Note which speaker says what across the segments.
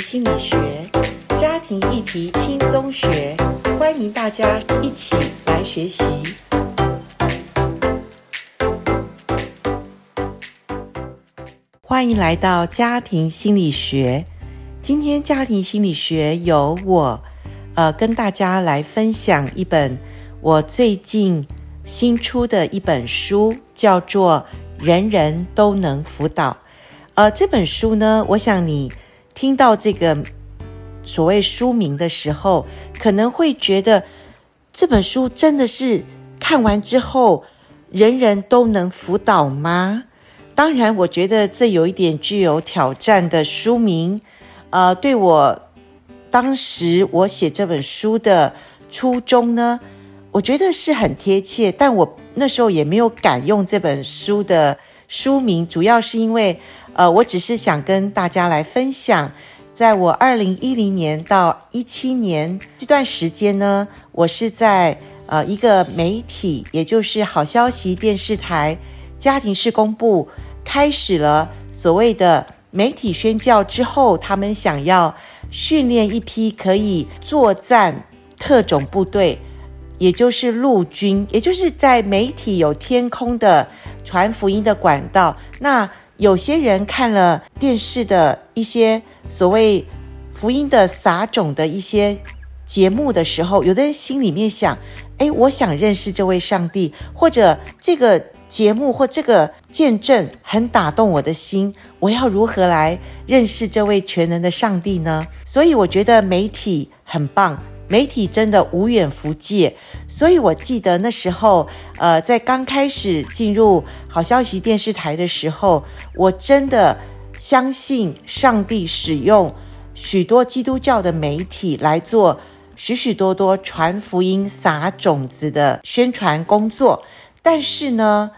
Speaker 1: 心理學家庭議題輕鬆學，歡迎大家一起來學習。歡迎來到家庭心理學。今天家庭心理學由我，呃，跟大家來分享一本我最近新出的一本書，叫做《人人都能輔導》。呃，這本書呢，我想你聽到這個所謂書名的時候，可能會覺得這本書真的是看完之後人人都能輔導嗎？當然，我覺得這有一點具有挑戰的書名。呃，對我當時我寫這本書的初衷呢，我覺得是很貼切，但我那時候也沒有敢用這本書的書名，主要是因為。呃，我只是想跟大家來分享，在我二零一零年到一七年這段時間呢，我是在呃一個媒體，也就是好消息電視台家庭事工部，開始了所謂的媒體宣教之後，他們想要訓練一批可以作戰特種部隊，也就是陸軍，也就是在媒體有天空的傳福音的管道那。有些人看了電視的一些所謂福音的撒種的一些節目的時候，有的人心裡面想：誒，我想認識這位上帝，或者這個節目或這個見證很打動我的心，我要如何來認識這位全能的上帝呢？所以我覺得媒體很棒。媒體真的無遠弗屆，所以我記得那時候，呃，在剛開始進入好消息電視台的時候，我真的相信上帝使用許多基督教的媒體來做許許多多傳福音、撒種子的宣傳工作，但是呢，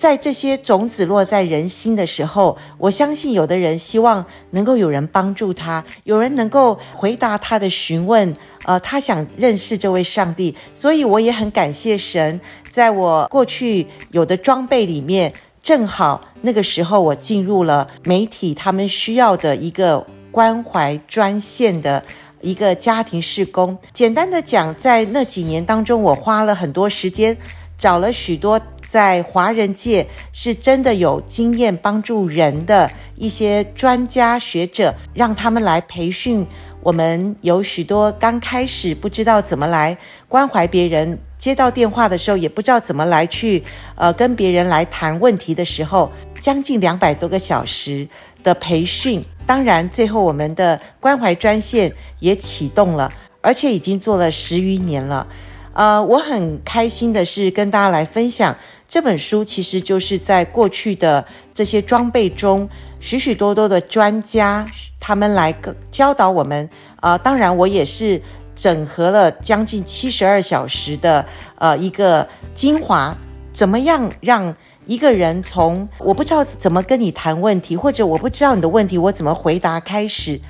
Speaker 1: 在這些種子落在人心的時候，我相信有的人希望能夠有人幫助他，有人能夠回答他的詢問。呃，他想認識這位上帝，所以我也很感謝神，在我過去有的裝備裡面，正好那個時候我進入了媒體他們需要的一個關懷專線的一個家庭事工。簡單的講，在那幾年當中，我花了很多時間，找了許多。在華人界是真的有經驗幫助人的一些專家學者，讓他們來培訓我們。有許多剛開始不知道怎麼來關懷別人，接到電話的時候也不知道怎麼來去，呃，跟別人來談問題的時候，將近兩百多個小時的培訓。當然，最後我們的關懷專線也啟動了，而且已經做了十餘年了。呃，我很開心的是跟大家來分享這本書，其實就是在過去的這些裝備中，許許多多的專家他們來教導我們。呃，當然我也是整合了將近七十二小時的呃一個精華，怎麼樣讓一個人從我不知道怎麼跟你談問題，或者我不知道你的問題我怎麼回答開始，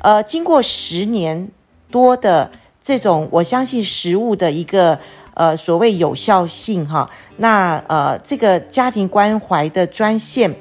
Speaker 1: 呃，經過十年多的。這種我相信事物的一個呃所謂有效性哈，那呃這個家庭關懷的專線，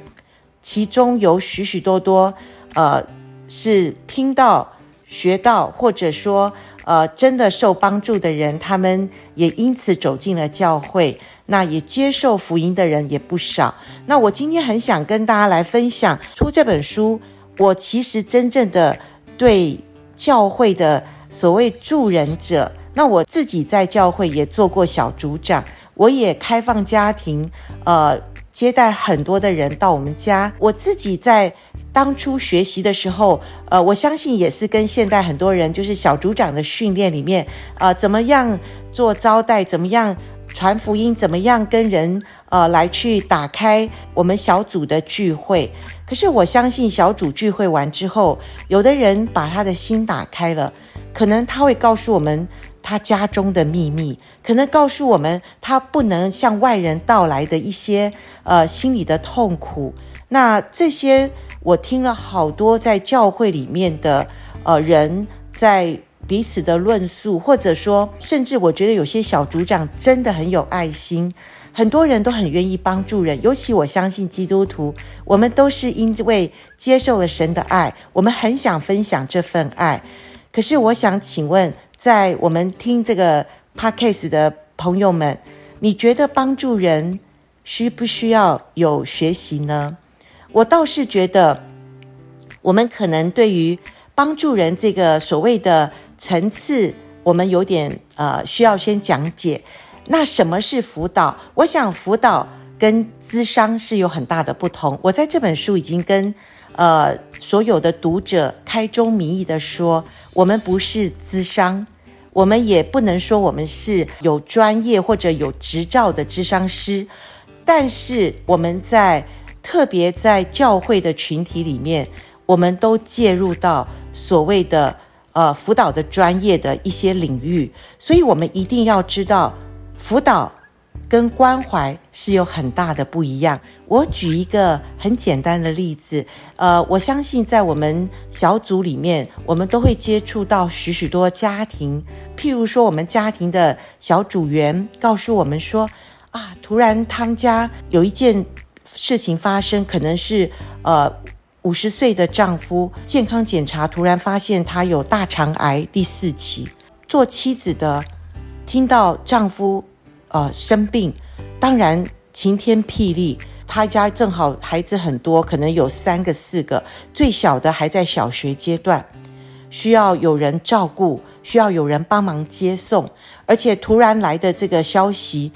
Speaker 1: 其中有許許多多呃是聽到學到，或者說呃真的受幫助的人，他們也因此走進了教會，那也接受福音的人也不少。那我今天很想跟大家來分享出這本書，我其實真正的對教會的。所謂助人者，那我自己在教會也做過小組長，我也開放家庭，呃，接待很多的人到我們家。我自己在當初學習的時候，呃，我相信也是跟現代很多人，就是小組長的訓練裡面，呃，怎麼樣做招待，怎麼樣傳福音，怎麼樣跟人，呃，來去打開我們小組的聚會。可是我相信小組聚會完之後，有的人把他的心打開了，可能他會告訴我們他家中的秘密，可能告訴我們他不能向外人道來的一些呃心裡的痛苦。那這些我聽了好多在教會裡面的呃人在彼此的論述，或者說，甚至我覺得有些小組長真的很有愛心。很多人都很願意幫助人，尤其我相信基督徒，我們都是因為接受了神的愛，我們很想分享這份愛。可是我想請問，在我們聽這個 podcast 的朋友們，你覺得幫助人需不需要有學習呢？我倒是覺得，我們可能對於幫助人這個所謂的層次，我們有點呃需要先講解。那什麼是輔導？我想輔導跟諮商是有很大的不同。我在這本書已經跟呃所有的讀者開宗明義的說，我們不是諮商，我們也不能說我們是有專業或者有執照的諮商師。但是我們在特別在教會的群體裡面，我們都介入到所謂的呃輔導的專業的一些領域，所以我們一定要知道。輔導跟關懷是有很大的不一樣。我舉一個很簡單的例子，呃，我相信在我們小組裡面，我們都會接觸到許許多多家庭。譬如說，我們家庭的小組員告訴我們說，啊，突然他們家有一件事情發生，可能是呃五十歲的丈夫健康檢查突然發現他有大腸癌第四期，做妻子的聽到丈夫。呃，生病，當然晴天霹靂。他家正好孩子很多，可能有三個四個，最小的還在小學階段，需要有人照顧，需要有人幫忙接送。而且突然來的這個消息，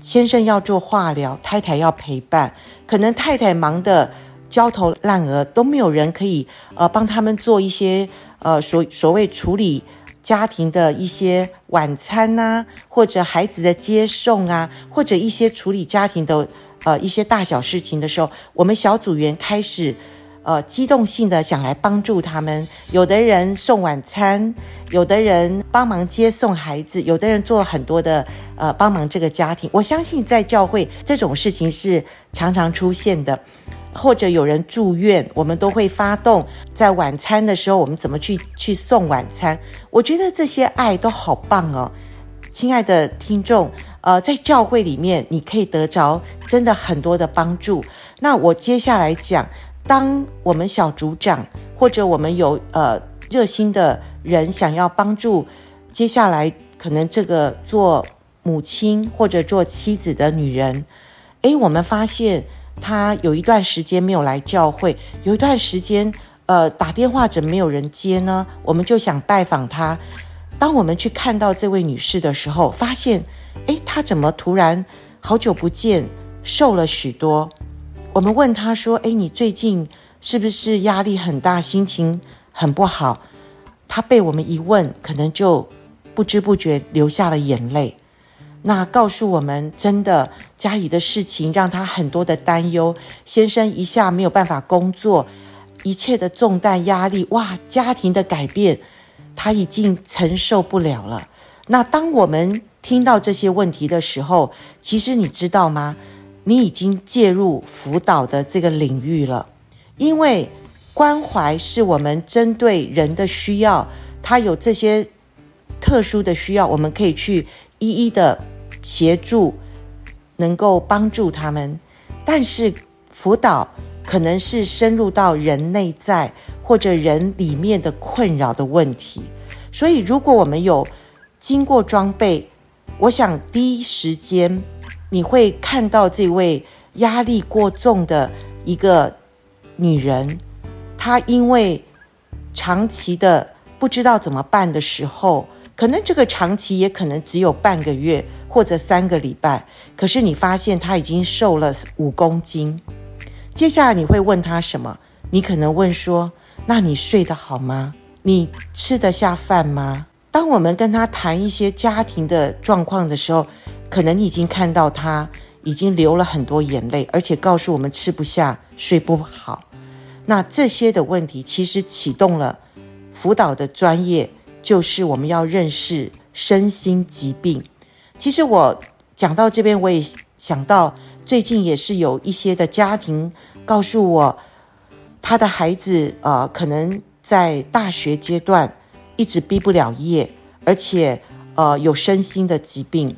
Speaker 1: 先生要做化療，太太要陪伴，可能太太忙得焦頭爛額，都沒有人可以呃幫他們做一些呃所所謂處理。家庭的一些晚餐啊，或者孩子的接送啊，或者一些處理家庭的呃一些大小事情的時候，我們小組員開始呃機動性地想來幫助他們。有的人送晚餐，有的人幫忙接送孩子，有的人做很多的呃幫忙這個家庭。我相信在教會這種事情是常常出現的。或者有人住院，我們都會發動。在晚餐的時候，我們怎麼去去送晚餐。我覺得這些愛都好棒哦，親愛的聽眾。呃，在教會裡面，你可以得着真的很多的幫助。那我接下來講，當我們小組長，或者我們有呃熱心的人想要幫助，接下來可能這個做母親或者做妻子的女人，誒，我們發現。他有一段時間沒有來教會，有一段時間，呃，打電話怎麼沒有人接呢？我們就想拜訪他。當我們去看到這位女士的時候，發現，哎，她怎麼突然好久不見，瘦了許多。我們問她說，哎，你最近是不是壓力很大，心情很不好？她被我們一問，可能就不知不覺流下了眼淚。那告訴我們，真的家裡的事情讓他很多的擔憂。先生一下沒有辦法工作，一切的重擔壓力，哇，家庭的改變，他已經承受不了了。那當我們聽到這些問題的時候，其實你知道嗎？你已經介入輔導的這個領域了，因為關懷是我們針對人的需要，他有這些特殊的需要，我們可以去一一的。協助能夠幫助他們，但是輔導可能是深入到人內在或者人裡面的困擾的問題。所以，如果我們有經過裝備，我想第一時間你會看到這位壓力過重的一個女人，她因為長期的不知道怎麼辦的時候，可能這個長期也可能只有半個月。或者三個禮拜，可是你發現他已經瘦了五公斤。接下來你會問他什麼？你可能問說：“那你睡得好嗎？你吃得下飯嗎？”當我們跟他談一些家庭的狀況的時候，可能你已經看到他已經流了很多眼淚，而且告訴我們吃不下、睡不好。那這些的問題其實啟動了輔導的專業，就是我們要認識身心疾病。其實我講到這邊，我也想到最近也是有一些的家庭告訴我，他的孩子呃可能在大學階段一直畢不了業，而且呃有身心的疾病，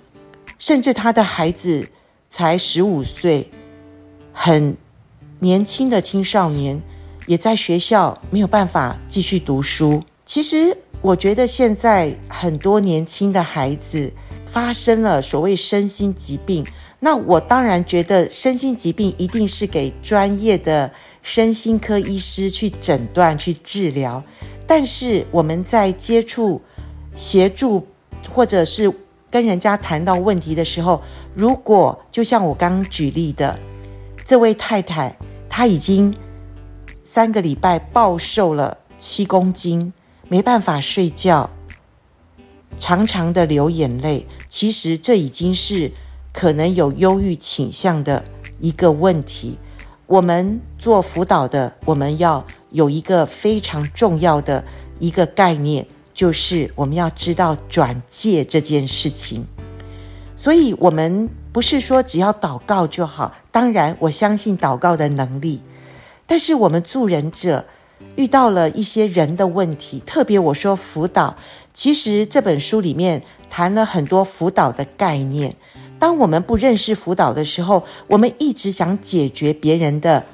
Speaker 1: 甚至他的孩子才十五歲，很年輕的青少年也在學校沒有辦法繼續讀書。其實我覺得現在很多年輕的孩子。發生了所謂身心疾病，那我當然覺得身心疾病一定是給專業的身心科醫師去診斷、去治療。但是我們在接觸、協助，或者是跟人家談到問題的時候，如果就像我剛舉例的這位太太，她已經三個禮拜暴瘦了七公斤，沒辦法睡覺。常常的流眼淚，其實這已經是可能有憂鬱傾向的一個問題。我們做輔導的，我們要有一個非常重要的一個概念，就是我們要知道轉介這件事情。所以，我們不是說只要禱告就好。當然，我相信禱告的能力，但是我們助人者遇到了一些人的問題，特別我說輔導。其實這本書裡面談了很多輔導的概念。當我們不認識輔導的時候，我們一直想解決別人的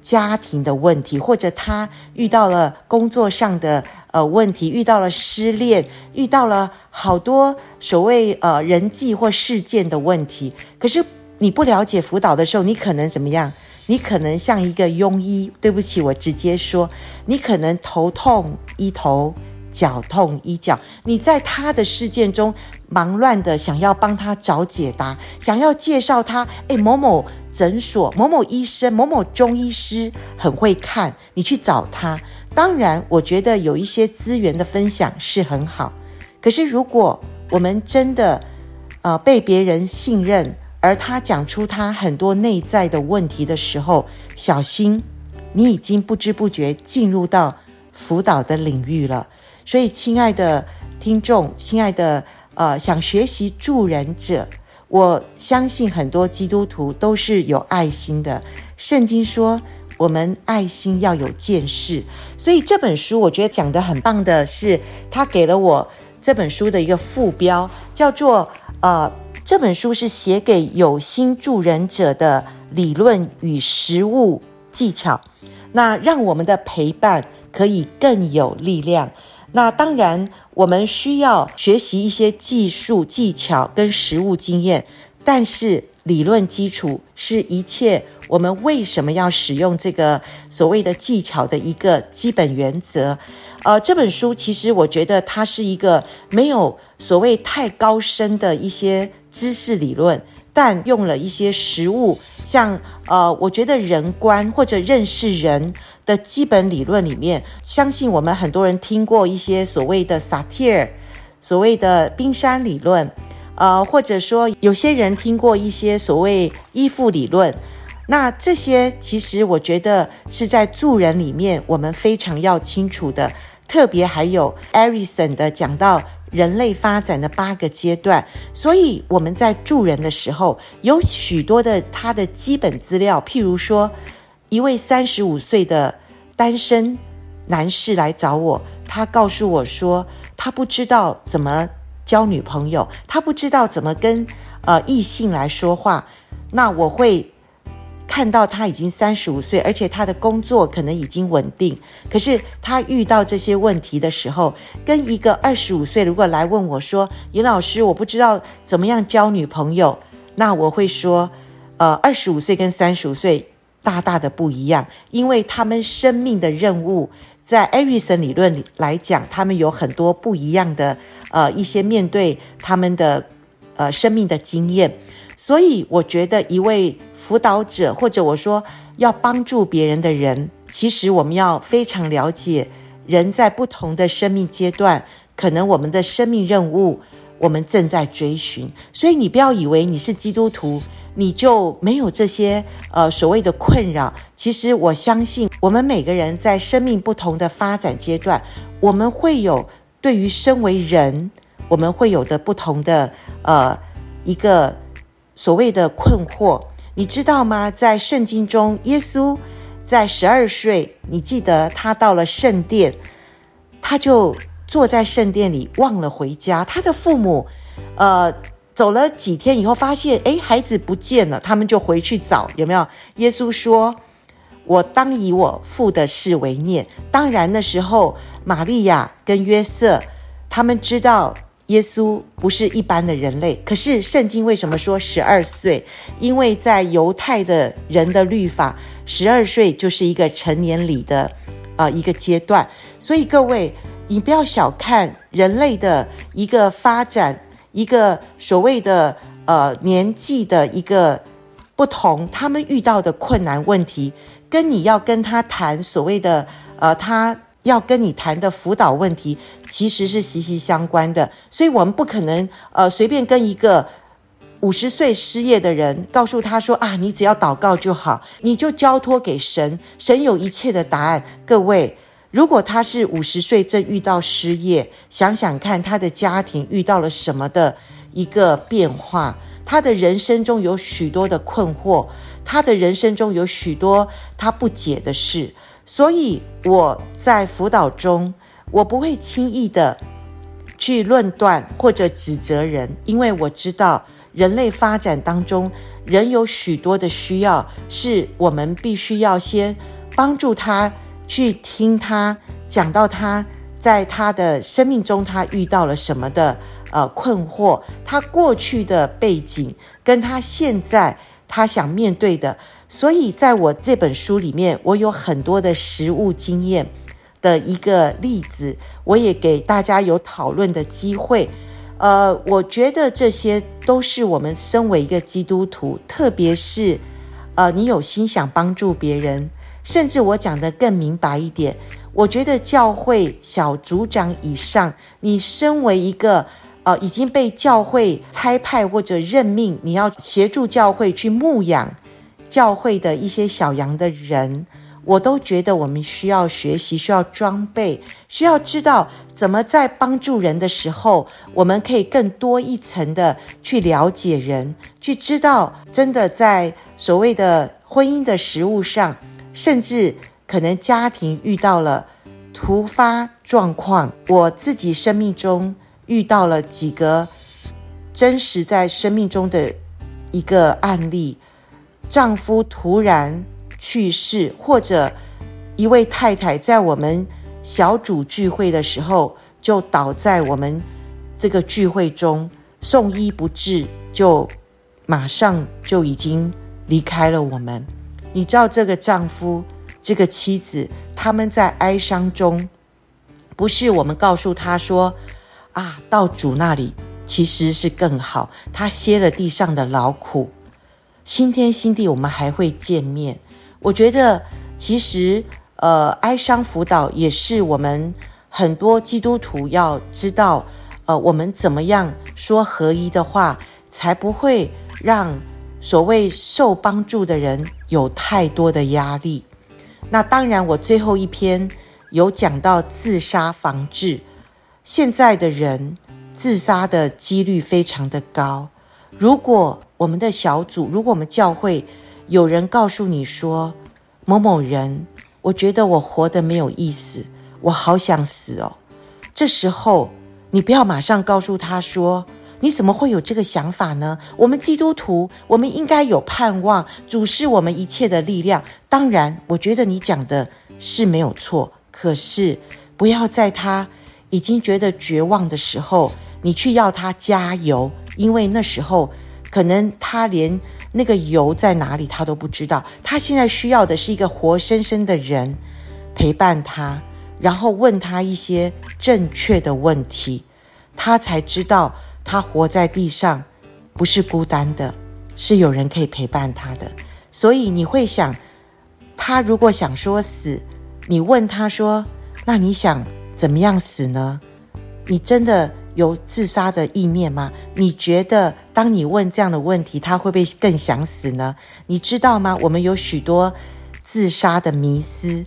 Speaker 1: 家庭的問題，或者他遇到了工作上的呃問題，遇到了失戀，遇到了好多所謂呃人際或事件的問題。可是你不了解輔導的時候，你可能怎麼樣？你可能像一個庸醫。對不起，我直接說，你可能頭痛醫頭。腳痛醫腳，你在他的事件中忙亂的想要幫他找解答，想要介紹他，誒，某某診所、某某醫生、某某中醫師很會看，你去找他。當然，我覺得有一些資源的分享是很好。可是，如果我們真的，呃，被別人信任，而他講出他很多內在的問題的時候，小心，你已經不知不覺進入到輔導的領域了。所以，親愛的聽眾，親愛的呃，想學習助人者，我相信很多基督徒都是有愛心的。聖經說，我們愛心要有見識。所以這本書，我覺得講得很棒的是，它給了我這本書的一個副標，叫做“呃，這本書是寫給有心助人者的理論與實務技巧”，那讓我們的陪伴可以更有力量。那當然，我們需要學習一些技術技巧跟實務經驗，但是理論基礎是一切我們為什麽要使用這個所謂的技巧的一個基本原則。呃，這本書其實我覺得它是一個沒有所謂太高深的一些知識理論。佔用了一些食物，像呃，我覺得人觀或者認識人的基本理論裡面，相信我們很多人聽過一些所謂的薩提爾，所謂的冰山理論，呃，或者說有些人聽過一些所謂依附理論。那這些其實我覺得是在助人裡面，我們非常要清楚的，特別還有艾瑞森的講到。人類發展的八個階段，所以我們在助人的時候，有許多的他的基本資料。譬如說，一位三十五歲的單身男士來找我，他告訴我說，他不知道怎麼交女朋友，他不知道怎麼跟呃，異性來說話。那我會。看到他已經三十五歲，而且他的工作可能已經穩定，可是他遇到這些問題的時候，跟一個二十五歲如果來問我說：“延老師，我不知道怎麼樣交女朋友。”那我會說：“呃，二十五歲跟三十五歲大大的不一樣，因為他們生命的任務，在艾瑞森理論裡來講，他們有很多不一樣的呃一些面對他們的呃生命的經驗。”所以，我覺得一位輔導者，或者我說要幫助別人的人，其實我們要非常了解，人在不同的生命階段，可能我們的生命任務，我們正在追尋。所以，你不要以為你是基督徒，你就沒有這些呃所謂的困擾。其實，我相信我們每個人在生命不同的發展階段，我們會有對於身為人，我們會有的不同的呃一個所謂的困惑，你知道嗎？在聖經中，耶穌在十二歲，你記得他到了聖殿，他就坐在聖殿裡，忘了回家。他的父母，呃，走了幾天以後，發現誒孩子不見了，他們就回去找。有沒有？耶穌說：“我當以我父的事為念。”當然的時候，瑪利亞跟約瑟他們知道。耶穌不是一般的人類，可是聖經為什麼說十二歲？因為在猶太的人的律法，十二歲就是一個成年禮的，呃，一個階段。所以各位，你不要小看人類的一個發展，一個所謂的呃年紀的一個不同，他們遇到的困難問題，跟你要跟他談所謂的呃他。要跟你談的輔導問題其實是息息相關的，所以我們不可能呃隨便跟一個五十歲失業的人告訴他說啊，你只要禱告就好，你就交托給神，神有一切的答案。各位，如果他是五十歲正遇到失業，想想看他的家庭遇到了什麼的一個變化，他的人生中有許多的困惑，他的人生中有許多他不解的事。所以我在輔導中，我不會輕易的去論斷或者指責人，因為我知道人類發展當中，人有許多的需要，是我們必須要先幫助他，去聽他，講到他，在他的生命中他遇到了什麼的，呃，困惑，他過去的背景，跟他現在他想面對的。所以，在我這本書裡面，我有很多的實務經驗的一個例子，我也給大家有討論的機會。呃，我覺得這些都是我們身為一個基督徒，特別是呃，你有心想幫助別人，甚至我講得更明白一點，我覺得教會小組長以上，你身為一個呃，已經被教會差派或者任命，你要協助教會去牧養。教會的一些小羊的人，我都覺得我們需要學習，需要裝備，需要知道怎麼在幫助人的時候，我們可以更多一層的去了解人，去知道真的在所謂的婚姻的實務上，甚至可能家庭遇到了突發狀況。我自己生命中遇到了幾個真實在生命中的一個案例。丈夫突然去世，或者一位太太在我們小組聚會的時候就倒在我們這個聚會中，送醫不治，就馬上就已經離開了我們。你知道這個丈夫、這個妻子，他們在哀傷中，不是我們告訴他說：“啊，到主那裡其實是更好。”他歇了地上的勞苦。新天新地，我們還會見面。我覺得，其實，呃，哀傷輔導也是我們很多基督徒要知道，呃，我們怎麼樣說合一的話，才不會讓所謂受幫助的人有太多的壓力。那當然，我最後一篇有講到自殺防治。現在的人自殺的幾率非常的高，如果……我們的小組，如果我們教會有人告訴你說某某人，我覺得我活得沒有意思，我好想死哦，這時候你不要馬上告訴他說你怎麼會有這個想法呢？我們基督徒我們應該有盼望，主是我們一切的力量。當然，我覺得你講的是沒有錯，可是不要在他已經覺得絕望的時候，你去要他加油，因為那時候，可能他連那個油在哪裡他都不知道，他現在需要的是一個活生生的人陪伴他，然後問他一些正確的問題，他才知道他活在地上不是孤單的，是有人可以陪伴他的。所以你會想，他如果想說死，你問他說：“那你想怎麼樣死呢？”你真的。有自殺的意念嗎？你覺得當你問這樣的問題，他會不會更想死呢？你知道嗎？我們有許多自殺的迷思。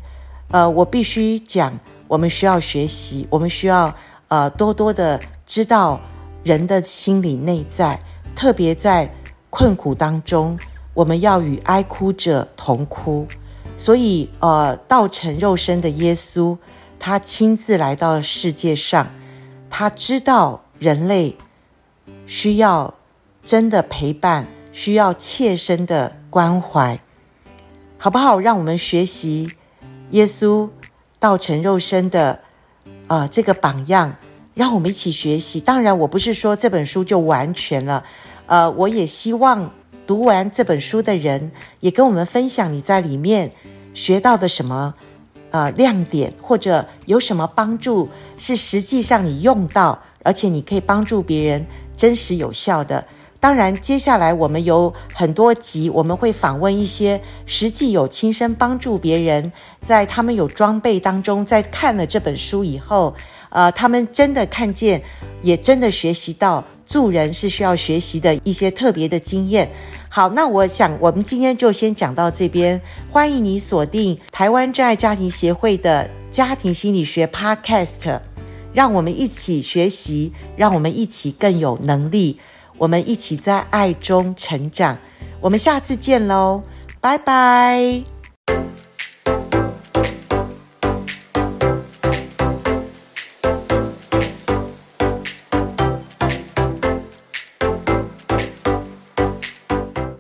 Speaker 1: 呃，我必須講，我們需要學習，我們需要呃多多的知道人的心理內在，特別在困苦當中，我們要與哀哭者同哭。所以，呃，道成肉身的耶穌，他親自來到世界上。他知道人類需要真的陪伴，需要切身的關懷，好不好？讓我們學習耶穌道成肉身的啊、呃、這個榜樣，讓我們一起學習。當然，我不是說這本書就完全了，呃，我也希望讀完這本書的人也跟我們分享你在裡面學到的什麼。呃，亮點或者有什麼幫助，是實際上你用到，而且你可以幫助別人，真實有效的。當然，接下來我們有很多集，我們會訪問一些實際有親身幫助別人，在他們有裝備當中，在看了這本書以後，呃，他們真的看見，也真的學習到。助人是需要學習的一些特別的經驗。好，那我想我們今天就先講到這邊。歡迎你鎖定台灣真愛家庭協會的家庭心理學 Podcast，讓我們一起學習，讓我們一起更有能力，我們一起在愛中成長。我們下次見嘍，拜拜。